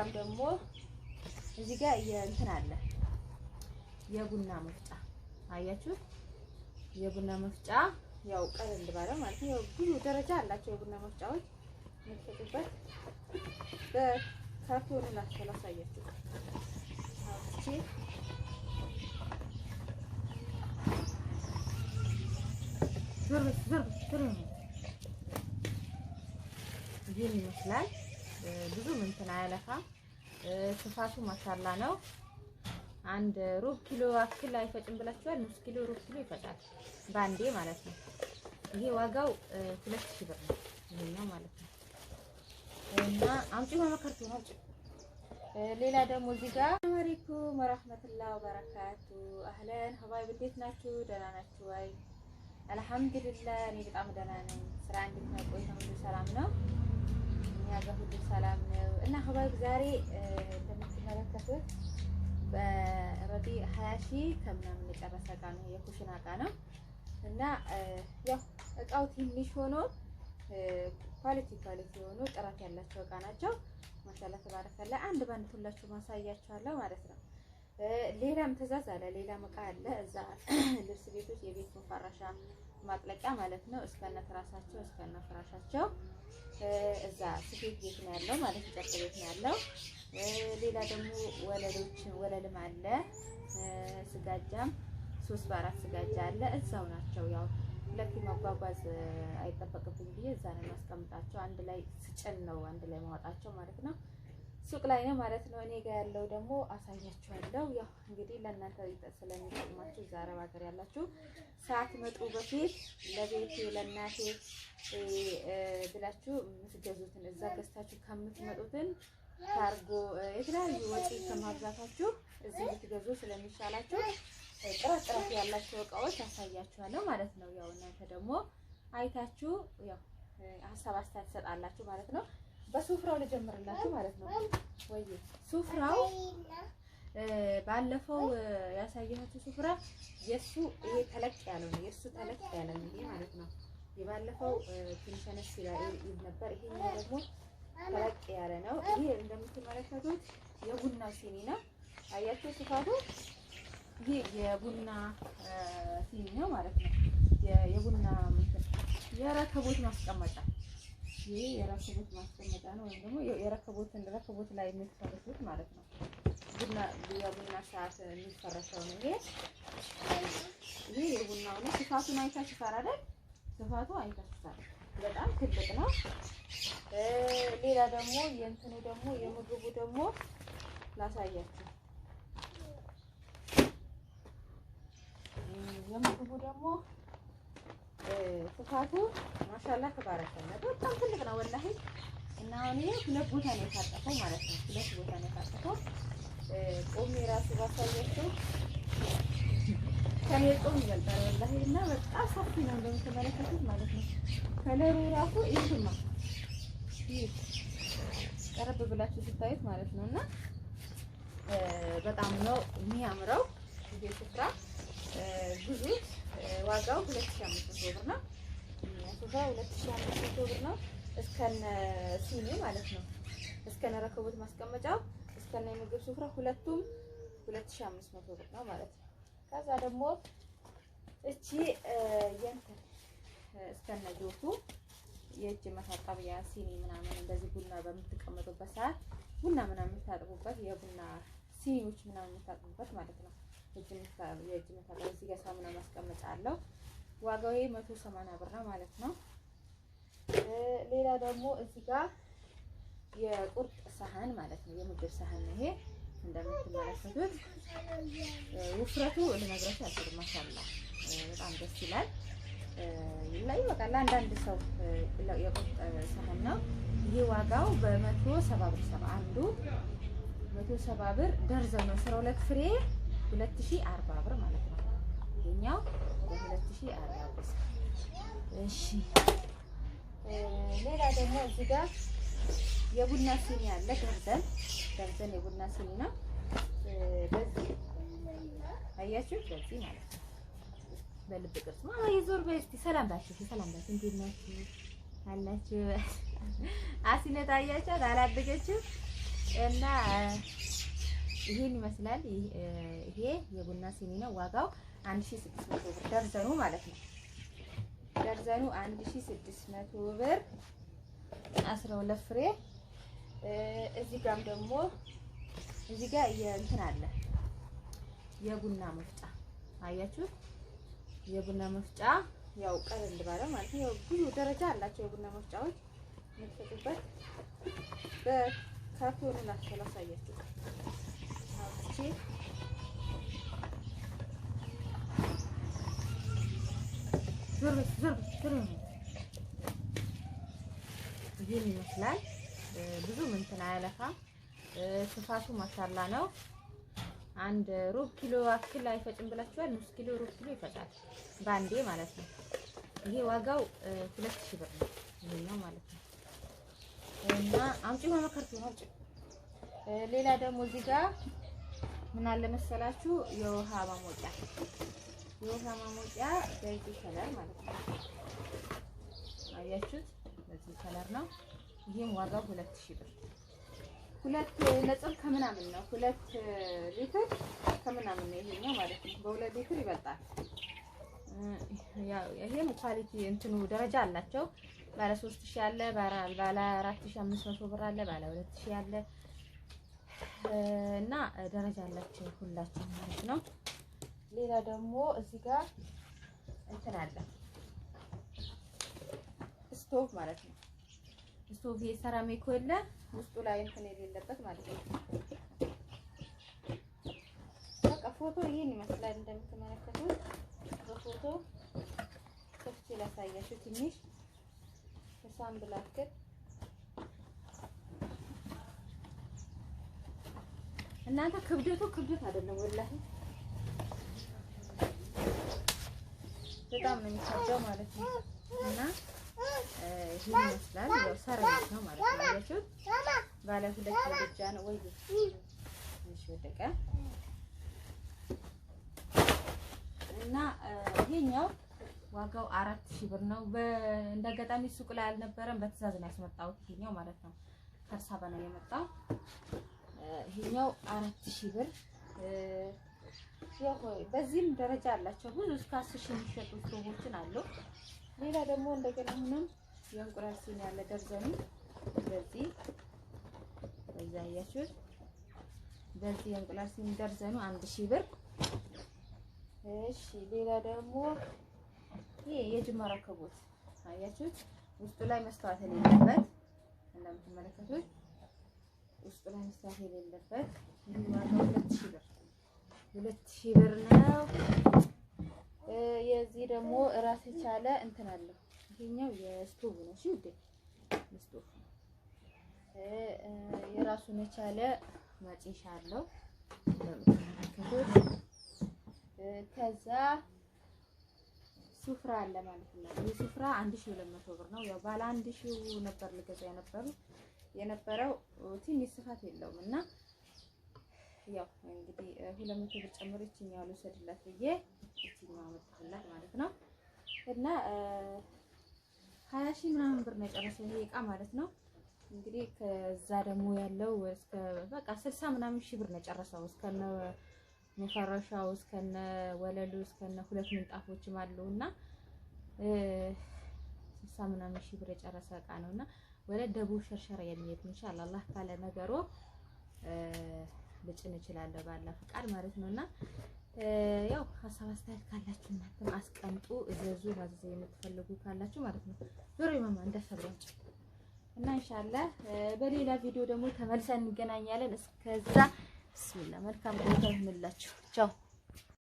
ጋም ደግሞ እዚህ ጋር የእንትን አለ የቡና መፍጫ አያችሁት? የቡና መፍጫ ያው ቀለል ባለ ማለት ነው። ብዙ ደረጃ አላቸው የቡና መፍጫዎች የምትፈጩበት በካርቶኑ ላቸው ላሳያችሁ። አውጥቼ ዞር ዞር ዞር ይህን ይመስላል። ብዙም እንትን አያለፋም። ስፋቱ ማሻላ ነው። አንድ ሩብ ኪሎ አክል አይፈጭም ብላችኋል። ንስ ኪሎ ሩብ ኪሎ ይፈጫል በአንዴ ማለት ነው። ይሄ ዋጋው ሁለት ሺህ ብር ነው ይሄኛው ማለት ነው። እና አምጪ መመከርቱ አምጪ። ሌላ ደግሞ እዚህ ጋር ሰላም አለይኩም ወራህመቱላሂ ወበረካቱ። አህለን ሀባይ እንዴት ናችሁ? ደህና ናችሁ ወይ? አልሐምዱሊላህ እኔ በጣም ደህና ነኝ። ስራ እንዴት ነው? ቆይታ ሰላም ነው? እኛ ጋር ሁሉ ሰላም ነው እና ሀባብ ዛሬ እንደምትመለከቱት በረቢ ሀያ ሺህ ከምናምን የጨረሰ እቃ ነው፣ የኩሽና እቃ ነው እና ያው እቃው ትንሽ ሆኖ ኳሊቲ ኳሊቲ የሆኑ ጥራት ያላቸው እቃ ናቸው። ማሻላ ተባረከላ። አንድ ባንድ ሁላችሁ ማሳያችኋለሁ ማለት ነው። ሌላም ትእዛዝ አለ፣ ሌላም እቃ አለ እዛ ልብስ ቤቶች የቤት መፈረሻ ማጥለቂያ ማለት ነው። እስከነ ፍራሳቸው እስከነ ፍራሻቸው እዛ ስፌት ቤት ነው ያለው ማለት ጨርቅ ቤት ነው ያለው። ሌላ ደግሞ ወለሎች ወለልም አለ። ስጋጃም ሶስት በአራት ስጋጃ አለ። እዛው ናቸው ያው ሁለት መጓጓዝ አይጠበቅብኝ ብዬ እዛ ነው የማስቀምጣቸው። አንድ ላይ ስጭን ነው አንድ ላይ ማውጣቸው ማለት ነው። ሱቅ ላይ ነው ማለት ነው። እኔ ጋር ያለው ደግሞ አሳያችኋለሁ። ያው እንግዲህ ለእናንተ ስለሚጠቅማችሁ እዛ አረብ ሀገር ያላችሁ ሳትመጡ በፊት ለቤቴ ለእናቴ ብላችሁ የምትገዙትን እዛ ገዝታችሁ ከምትመጡትን ካርጎ የተለያዩ ወጪ ከማብዛታችሁ እዚህ ብትገዙ ስለሚሻላችሁ ጥራት ጥራት ያላቸው እቃዎች አሳያችኋለሁ ማለት ነው። ያው እናንተ ደግሞ አይታችሁ ያው ሀሳብ አስተያየት ትሰጣላችሁ ማለት ነው። በሱፍራው ልጀምርላችሁ ማለት ነው ወይ ሱፍራው ባለፈው ያሳየኋችሁ ሱፍራ የሱ ይሄ ተለቅ ያለ ነው። የሱ ተለቅ ያለ ነው ይሄ ማለት ነው። የባለፈው ትንሽ አነስ ይላል ነበር። ይሄ ደግሞ ተለቅ ያለ ነው። ይሄ እንደምትመለከቱት የቡና ሲኒ ነው። አያችሁ ስፋቱ። ይሄ የቡና ሲኒ ነው ማለት ነው። የቡና የረከቦት ማስቀመጫ ይሄ የራከቦት ማስቀመጫ ነው፣ ወይም ደግሞ የረከቦትን ረከቦት ላይ የሚፈርሱት ማለት ነው። ቡና የቡና ሰዓት የሚፈረሰው ነው። ይሄ ይሄ የቡናው ነው። ስፋቱን አይታችሁ ሳር ስፋቱ አይታችሁ ሳር በጣም ትልቅ ነው። ሌላ ደግሞ የእንትኑ ደግሞ የምግቡ ደግሞ ላሳያችሁ። የምግቡ ደግሞ ስፋቱ ማሻላ ተባረከ። በጣም ትልቅ ነው ወላሂ። እና እኔ ሁለት ቦታ ነው የታጠፈው ማለት ነው። ሁለት ቦታ ነው የታጠፈው። ቆሜ ራሱ ባሳያቸው ከኔ ጾም ይበልጣል ወላሂ። እና በጣም ሰፊ ነው እንደምትመለከቱት ማለት ነው። ከለሩ ራሱ ይሽማ ቀረብ ብላችሁ ስታዩት ማለት ነው። እና በጣም ነው የሚያምረው ይሄ ስፍራ ብዙት ዋጋው ሁለት ሺህ አምስት ብር ነው። ሱፋ ሁለት አምስት ብር ነው። እስከነ ሲኒ ማለት ነው። እስከነ ረከቦት ማስቀመጫው እስከነ የምግብ ስፍራ ሁለቱም ሁለት አምስት መቶ ብር ነው ማለት ነው። ከዛ ደግሞ እቺ የእንትን እስከነ ጆቱ የእጅ መታጠቢያ ሲኒ ምናምን እንደዚህ ቡና በምትቀመጡበት ሰዓት ቡና ምናምን የምታጥቡበት የቡና ሲኒዎች ምናምን የምታጥቡበት ማለት ነው። የእጅ መታጠቢያ እዚህ ጋር ሳሙና ማስቀመጫ አለው። ዋጋው መቶ ሰማንያ ብር ነው ማለት ነው። ሌላ ደግሞ እዚህ ጋር የቁርጥ ሳህን ማለት ነው። የምግብ ሳህን ነው ይሄ እንደምትመለከቱት ውፍረቱ ልነግራችሁ አልችልም። ማሻላ በጣም ደስ ይላል። ላይ በቃ ለአንዳንድ ሰው የቁርጥ ሳህን ነው ይሄ። ዋጋው በመቶ ሰባ ብር ሰባ አንዱ መቶ ሰባ ብር ደርዘን ነው አስራ ሁለት ፍሬ 2040 ብር ማለት ነው። ይሄኛው 2040 ብር። እሺ ሌላ ደግሞ እዚህ ጋር የቡና ሲኒ አለ። ገርዘን ገርዘን የቡና ሲኒ ነው። በዚህ አያችሁ፣ በዚህ ማለት ነው። በልብ ቅርጽ ማማ የዞር በይ ሰላም ባችሁ፣ ሰላም ባችሁ፣ እንዴት ናችሁ አላችሁ? አሲነት አያችሁ፣ አላደገችም እና ይሄን ይመስላል። ይሄ የቡና ሲኒ ነው። ዋጋው 1600 ብር ደርዘኑ ማለት ነው። ደርዘኑ 1600 ብር 12 ፍሬ። እዚህ ጋም ደግሞ እዚህ ጋር እንትን አለ የቡና መፍጫ አያችሁት? የቡና መፍጫ ያው ቀለል ባለ ማለት ነው። ብዙ ደረጃ አላቸው የቡና መፍጫዎች የምትፈጩበት በካርቶኑ ላሳያችሁ። ይህን ይመስላል። ብዙ ምንትን አያለፋም። ስፋቱ ማሻላ ነው። አንድ ሩብ ኪሎ አክል አይፈጭም ብላችኋል። ንስ ኪሎ ሩብ ኪሎ ይፈጫል በአንዴ ማለት ነው። ይሄ ዋጋው ሁለት ሺህ ብር ነው። ይሄኛው ማለት ነው እና አምጪ ሌላ ደግሞ እዚህ ጋር ምን አለ መሰላችሁ የውሃ ማሞቂያ የውሃ ማሞቂያ በዚህ ከለር ማለት ነው። አያችሁት? በዚህ ከለር ነው። ዋጋው ሁለት ሺህ ብር ሁለት ነጥብ ከምናምን ነው። ሁለት ሊትር ከምናምን ነው ይሄኛው ማለት ነው። በሁለት ሊትር ይበልጣል። ይሄም ኳሊቲ እንትኑ ደረጃ አላቸው። ባለ 3000 አለ፣ ባለ 4500 ብር አለ፣ ባለ 2000 አለ እና ደረጃ አላችሁ ሁላችሁ ማለት ነው። ሌላ ደግሞ እዚህ ጋር እንትን አለ ስቶቭ ማለት ነው። ስቶቭ የሰራሚክ የለ ውስጡ ላይ እንትን የሌለበት ማለት ነው። በቃ ፎቶ ይህን ይመስላል እንደምትመለከቱት በፎቶ ክፍት ላሳያችሁ ትንሽ ሳምፕል እናንተ ክብደቱ ክብደት አይደለም፣ ወላሂ በጣም ነው የሚከብደው ማለት ነው። እና ይሄን ይመስላል ያው ሰራዊት ነው ማለት ነው። ያችሁት ባለ ሁለት ብቻ ነው ወይ? እሺ ወደቀ እና ይሄኛው ዋጋው አራት ሺህ ብር ነው። በእንደአጋጣሚ ሱቅ ላይ አልነበረም፣ በትዕዛዝ ነው ያስመጣሁት። ይሄኛው ማለት ነው ከርሳባ ነው የመጣው። ይሄኛው አራት ሺህ ብር በዚህም ደረጃ አላቸው። ብዙ እስከ አስር ሺህ የሚሸጡ ስቶቮችን አሉ። ሌላ ደግሞ እንደገና አሁንም የእንቁላል ሲኒ ያለ ደርዘኑ በዚህ በዛ አያችሁት። በዚህ የእንቁላል ሲኒ ደርዘኑ አንድ ሺህ ብር። እሺ ሌላ ደግሞ ይሄ የጅማ ረከቦት አያችሁት። ውስጡ ላይ መስተዋት የሌለበት እንደምትመለከቱት ውስጥ ላይ እሳት የሌለበት ዋጋው ሁለት ሺህ ብር ሁለት ሺህ ብር ነው። የዚህ ደግሞ እራስ የቻለ እንትን አለው። ይሄኛው የስቶቭ ነው። እሺ ስቶቭ የራሱን የቻለ ማጨሻ አለው። ከዛ ሱፍራ አለ ማለት ነው። ይህ ሱፍራ አንድ ሺህ ሁለት መቶ ብር ነው። ያው ባለ አንድ ሺህ ነበር ልገዛ የነበረው የነበረው ትንሽ ስፋት የለውም እና ያው እንግዲህ ሁለት መቶ ብር ጨምሮ ይችኛው ልውሰድላት ብዬ ይችኛው ማለት ነው እና ሀያ ሺህ ምናምን ብር ነው የጨረሰው ይሄ እቃ ማለት ነው። እንግዲህ ከዛ ደግሞ ያለው እስከ በቃ ስልሳ ምናምን ሺህ ብር ነው የጨረሰው እስከነ መፈረሻው እስከነ ወለሉ እስከነ ሁለት ምንጣፎችም አሉ እና ስልሳ ምናምን ሺህ ብር የጨረሰ እቃ ነው እና ወደ ደቡብ ሸርሸር የሚሄድ ኢንሻአላ አላህ ካለ ነገሮ ልጭን እችላለሁ ባላ ፈቃድ ማለት ነውና ያው ሀሳብ አስተያየት ካላችሁ እናንተም አስቀምጡ፣ እዘዙ፣ ማዘዝ የምትፈልጉ ካላችሁ ማለት ነው። ዞሮ ይማማ እንዳሰብራችሁ እና ኢንሻአላህ በሌላ ቪዲዮ ደግሞ ተመልሰን እንገናኛለን። እስከዛ ብስሚላ መልካም ቆይታ ይሁንላችሁ። ቻው